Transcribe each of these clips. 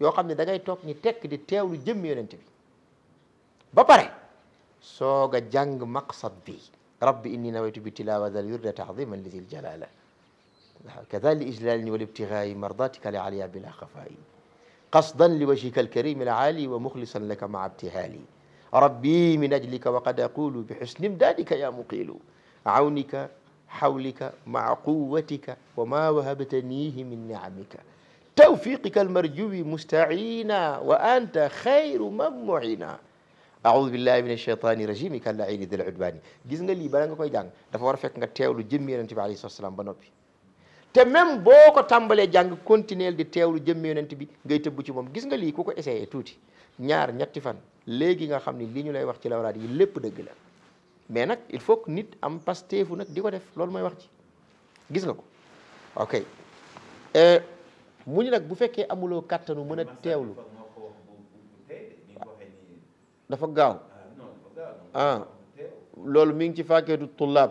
yo xamne da ngay tok ni tek di tewlu jëm yonent bi ba pare soga jàng maqsad bi rabbi inni nawaitu bi tilawa dhal yurda taadiman li dhil jalala كذا لإجلالني والابتغاء مرضاتك لعليا بلا خفاء قصدا لوجهك الكريم العالي ومخلصا لك مع ابتهالي ربي من أجلك وقد أقول بحسن امدادك يا مقيل عونك حولك مع قوتك وما وهبتنيه من نعمك توفيقك المرجو مستعينا وأنت خير من معينا أعوذ بالله من الشيطان الرجيم كلا عين ذي العدوان gis nga lii bala nga koy jàng dafa war a fekk nga teewlu jëmmi yonent bi alayhi salaam ba noppi te même boo ko tàmbalee jàng continuer di teewlu jëmmi yonent bi ngay tëbb ci moom gis nga lii ku ko essayé tuuti ñaar ñetti fan léegi nga xam ni li ñu lay wax ci lawraat yi lépp dëgg la mais nag il faut que nit am pasteefu nag di ko def loolu mooy wax ci gis nga ko ok mu ñu nag bu fekkee amuloo kàttanu mën a teewlu dafa gaaw ah, ah loolu mi ngi ci faakeetu tullaab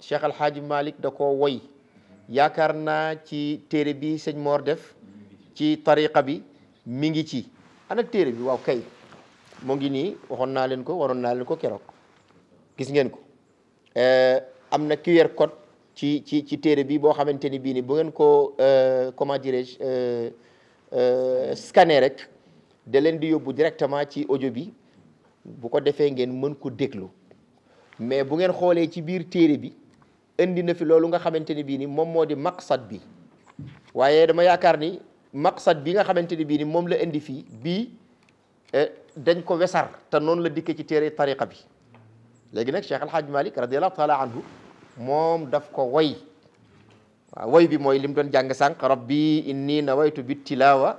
Cheikh Alhaaji Malick da koo woy yaakaar naa ci téere bi sëñ moor def ci tariqa bi mi ngi ci ana téere bi waaw kay mu ngi nii waxoon naa leen ko waroon naa leen ko keroog gis ngeen ko eh, am na QR code ci ci ci téere bi boo xamante ni bii ni bu ngeen ko euh, comment dirais-je euh, euh, scanner rek da leen di yóbbu directement ci audio bi bu ko defee ngeen mën ko déglu mais bu ngeen xoolee ci biir téere bi indi na fi loolu nga xamante ni bii ni moom moo di maqsad bi waaye dama yaakaar ni maqsad bi nga xamante ni bii ni moom la indi fii bii eh, dañ ko wesar te noonu la dikkee ci téere tariqa bi léegi nag Cheikh Al Hadj Malick radiyallahu anhu moom daf ko woy waaw woy bi mooy lim doon jàng sànq rabbi inni nawaytu bi tilawa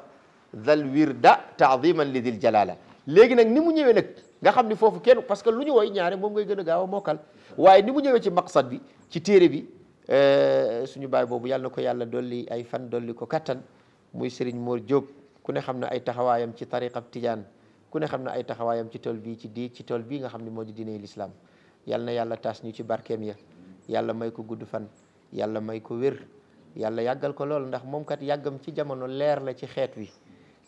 zal wirda taadiman li dil jalala léegi nag ni mu ñëwee nag nga xam ni foofu kenn parce que lu ñu woy ñaare moom ngay gën a gaaw a mokkal waaye ni mu ñëwee ci maqsad bi ci téere bi euh, suñu baay boobu yàlla na ko yàlla dolli ay fan dolli ko kattan muy Serigne Mor Diop ku ne xam na ay taxawaayam ci tariqa tijaan ku ne xam ne ay taxawaayam ci tool bii ci di ci tool bii nga xam ne moo di diiney lislaam yàlla na yàlla taas ñu ci barkeem ya yàlla may ko gudd fan yàlla may ko wér yàlla yàggal ko lool ndax moom kat yàggam ci jamono leer la ci xeet wi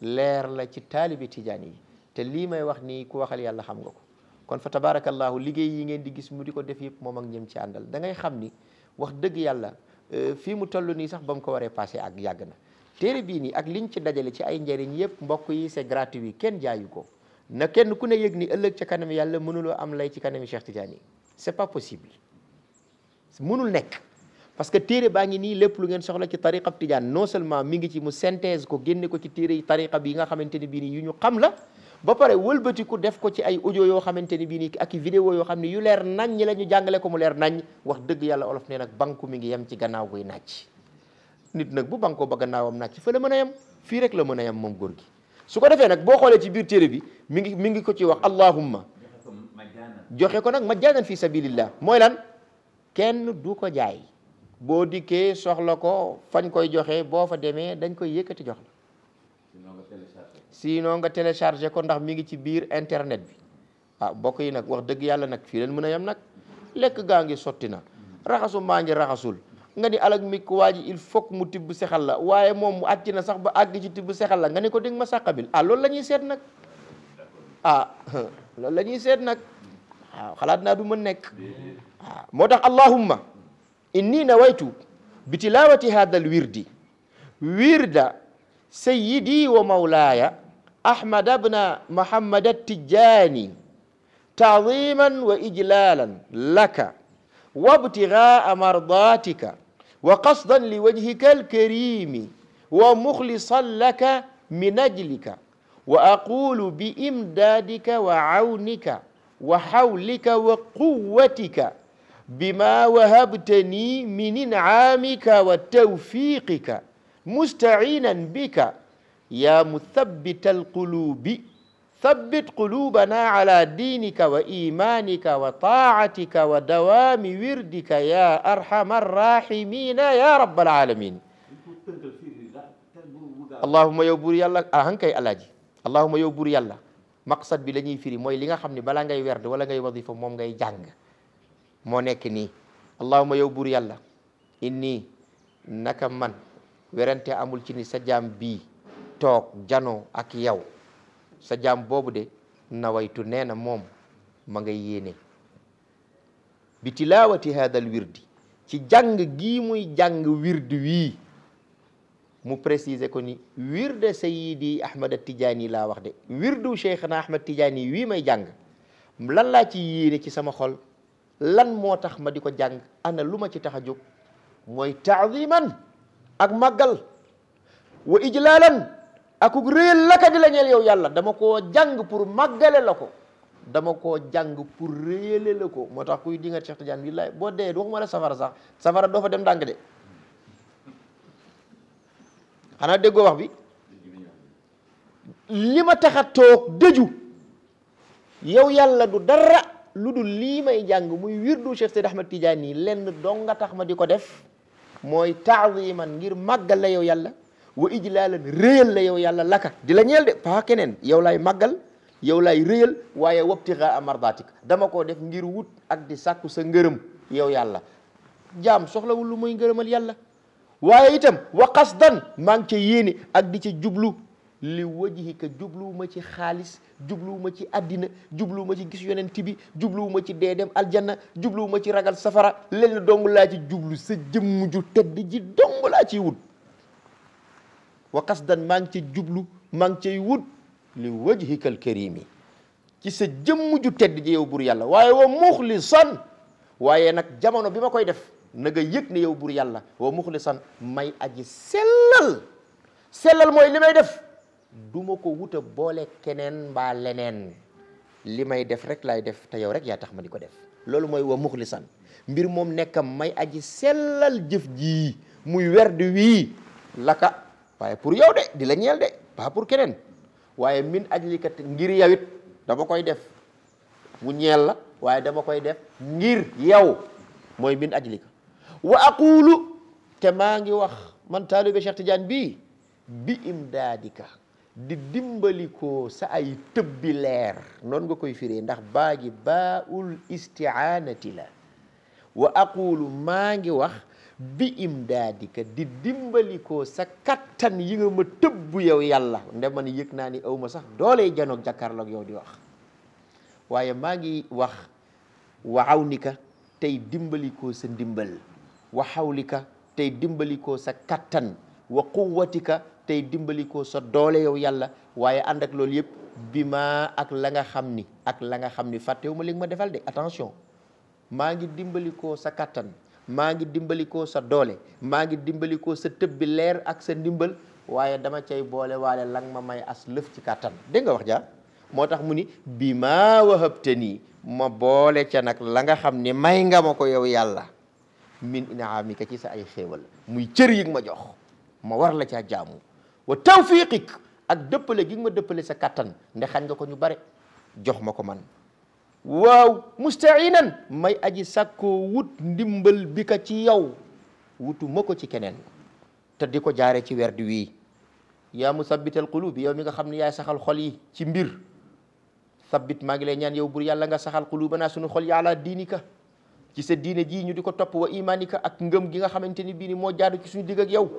leer la ci taalibi tijaan yi te lii may wax nii ku waxal yàlla xam nga ko kon fa tabarakallahu liggéey yi ngeen di gis mu di ko def yëpp moom ak ñëm ci àndal da ngay xam ni wax dëgg yàlla euh, fii mu toll nii sax bam ko waree passé ak yàgg na téere bii ni ak liñ ci dajale ci ay njëriñ yëpp mbokk yi se c'est gratuit kenn jaayu ko na kenn ku ne yëg ni ëllëg ca kanam yàlla mënuloo am lay ci kanami Cheikh Tidiane c'est pas munul nek parce que téré baa ni lepp lu ngeen soxla ci tariqa tijaan non seulement mi ngi ci mu synthèse ko génne ko ci téré tariqa bi nga xamanteni bi ni yu ñu xam la ba pare wëlbatiku def ko ci ay audio yo xamanteni bi ni ak vidéo yo xamni yu leer nañ ñi lañu jàngalé ko mu leer nañ wax dëgg yalla olof né nak banku mi ngi yam ci gannaaw guy nacc nit nak bu banko ba gannaawam naaj fa la mëna yam fi rek la mëna yam mom moom gi su ko défé nak bo xolé ci biir téré bi mi ngi mi ngi ko ci wax allahumma joxé ko nag majaanan fi sabilillah moy lan kenn du ko jaay boo dikkee soxla ko fañ koy joxe boo fa demee dañ koy yëkkati jox la sinon nga téléchargé ko ndax mi ngi ci biir internet bi ah bokk yi nag wax dëgg yàlla nag fii leen mën a yem nag lekk gaa ngi sotti na raxasu maa ngi raxasul nga ni alag mi ko waa ji il faut mu tibb sexal la waaye moom mu àcc na sax ba àgg ci tibb sexal la nga ni ko dégg ma sàqabil ah loolu la ñuy seet nag ah loolu la seet nag خلاتنا دو من نك اللهم اني نويت بتلاوه هذا الورد ورد سيدي ومولاي احمد بن محمد التجاني تعظيما واجلالا لك وابتغاء مرضاتك وقصدا لوجهك الكريم ومخلصا لك من اجلك واقول بامدادك وعونك وحولك وقوتك بما وهبتني من انعامك وتوفيقك مستعينا بك يا مثبت القلوب ثبت قلوبنا على دينك وإيمانك وطاعتك ودوام وردك يا أرحم الراحمين يا رب العالمين اللهم يا بوري الله أهنك يا الله اللهم يا بوري الله maqsad bi lañuy firi moy li nga xamni bala ngay werd wala ngay wadifa mom ngay jang mo nek ni allahumma yow ya bur yalla inni naka man werante amul ci ni sa jam bi tok jano ak yow sa jam bobu de nawaytu neena mom ma ngay yene bi tilawati haadal wirdi ci jang gi muy jang wirdi wi mu préciser ko ni wiir wirde sayidi ahmad tijaani laa wax de wiir du wirdu cheikhna ahmad tijaani wii may jàng lan laa ci yéene ci sama xol lan moo tax ma di ko jàng ana lu ma ci tax a jóg mooy taadiman ak màggal wa ijlaalan akuk réel laka di la ñeel yow yàlla dama ko jàng pour màggale la ko dama koo jàng pour réele la ko moo tax kuy dingat cheikh tidiane billahi boo dee waxuma la safara sax safara doo fa dem ndànk de xanaa déggoo wax bi li ma tax toog dëju yow yàlla du dara lu dul lii may jàng muy wirdu Cheikh Seydi Ahmad Tidiane nii lenn dong nga tax ma di ko def mooy taaziman ngir màggal la yow yàlla wa ijlaalan réyal la yow yàlla laka di la ñeel de paa keneen yow laay màggal yow laay réyal waaye wabtigaa mardatik dama koo def ngir wut ak di sàkku sa ngërëm yow yàlla jaam soxlawul lu muy ngërëmal yàlla waaye itam wa qasdan maa ngi ca yéene ak di ca jublu li wajhika ma ci xaalis jubluwuma ci àddina ma ci gis yonent bi ma ci dee dem aljanna ma ci ragal safara lenn dong laa ci jublu sa jëmm ju tedd ji dong laa ciy wut wa qasdan maa ngi ca jublu maa ngi cay wut li wajhikal karimi ci sa jëmm ju tedd ji yow bur yàlla waaye wa muxlisan waaye nag jamono bi ma koy def na nga yëg ne yow bur yàlla wa muxlisan may aji sellal sellal mooy li def du ko wuta boole keneen mbaa leneen li may def rek lay def te yow rek yaa tax ma di ko def loolu mooy wa muxlisan mbir moom nekkam may aji sellal jëf ji muy werd wii laka waaye pour yow de di la ñeel de pas pour keneen waaye min ajlikat ngir yow it dama koy def mu ñeel la waaye dama koy def ngir yow mooy min ajlika wa aqulu te maa ngi wax man taalibe Cheikh Tidiane bii bi imdaadika di dimbalikoo sa ay tëbbi leer noonu nga koy firee ndax baa gi baa ul istiaanati la wa aqulu maa ngi wax bi imdaadika di dimbalikoo sa kattan yi nga ma tëbb yow yàlla nde man yëg naa ni aw ma sax dooley janoog jàkkaarloog yow di wax waaye maa ngi wax wa ni ka tey dimbalikoo sa dimbal wa xawlika tey dimbalikoo sa katan, wa quwatika tey dimbalikoo sa doole yow yàlla waaye ànd ak loolu yëpp bi ma ak la nga ak la nga xam ni ma li ma defal de attention maa ngi sa katan, maa ngi sa doole maa ngi sa tëb bi leer ak sa ndimbal waaye dama lang ma may as lëf ci kàttan dégg nga wax ja moo tax mu ni bi ma boole ca nag la nga may nga yow min inaamika ci sa ay xéewal muy cër yi ma jox ma war la ci caa jaamu wa tawfiqik ak dëppale gi ma dëppale sa kattan nde xañ nga ko ñu bare jox ma ko man waaw musta mustainan may aji sàkkoo wut ndimbal bi ka ci yow wutu ma ko ci keneen te di ko jaare ci werd wii yaa mu sabbital qulub yow mi nga xam ne yaay saxal xol yi ci mbir sabbit maa ngi lay ñaan yow bur yàlla nga saxal naa sunu xol yi ala diinika ci sa diina jii ñu di ko topp wa imaanika ak ngëm gi nga xamante ni bii ni moo jaadu ci suñu digg ak yow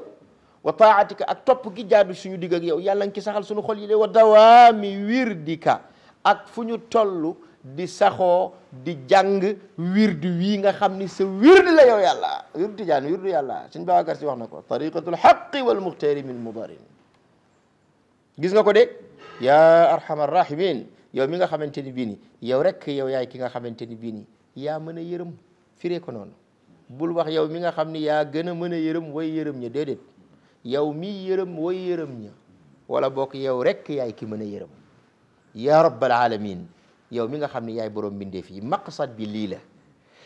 wa taatika ak topp gi jaadu suñu digg ak yow yàlla nga ci saxal suñu xol yi de wa dawaami wirdika ak fu ñu toll di saxoo di jàng wirdu wii nga xam ni sa wirdu la yow yàlla wirdu tijaan wirdu yàlla suñ Babacar wax na ko tariqatul xaqi wal muxtaari min mudarin gis ko de yaa yow mi nga xamante ni bii ni yow yow yaay ki nga xamante ni bii ni yaa mën a yërëm firee ko noonu bul wax yow mi nga xam ni yaa gën a mën a yërëm way yërëm ña déedéet yow mii yërëm way yërëm wala bokk yow rek yay ki mën a yërëm yaa rabbal alamin yow mi nga xam ni yaay borom mbindeef yi maqsad bi lii la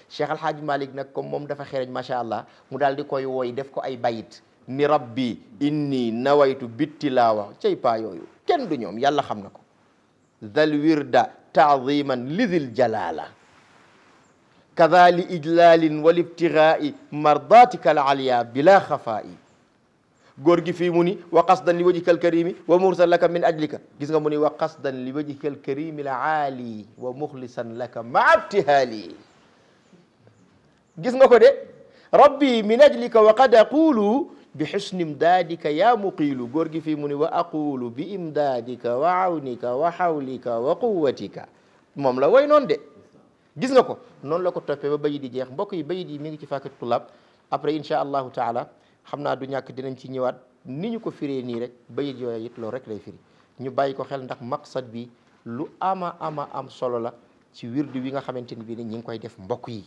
Cheikh malik Hadj Malick nag comme moom dafa xereñ macha allah mu daal di koy wooy def ko ay bayit ni rabbi inni nawaytu bittilaawa cay paa yooyu kenn du ñoom yàlla xam na ko zal wirda taadiman lidil jalaala kada li ijlalin wal ibtirai mardatika al aliya bila xafaa'i góor gi fii mu ni wa qasdan li wajhika al karimi wa muxlisan laka min ajlika gis nga mu ni wa qasdan li wajhika al karimi al aali wa muxlisan laka maa ibtihaali gis nga ko de rabbi min ajlika wa qad aqulu bi xusni imdaadika yaa muqiilu góor gi fii mu ni wa aqulu bi imdaadika wa awnika wa xawlika wa quwatika moom la way noon de gis nga ko noonu la ko toppee ba bayit di jeex mbokk yi bayit yi mi ngi ci fàkkati tulaab après incha allahu taala xam naa du ñàkk dinañ ci ñëwaat ni ñu ko firee nii rek bayit yooyu it loolu rek lay firi ñu bàyyi ko xel ndax maqsad bi lu ama ama am solo la ci wirdu wi nga xamante ni bii ni ñi ngi koy def mbokk yi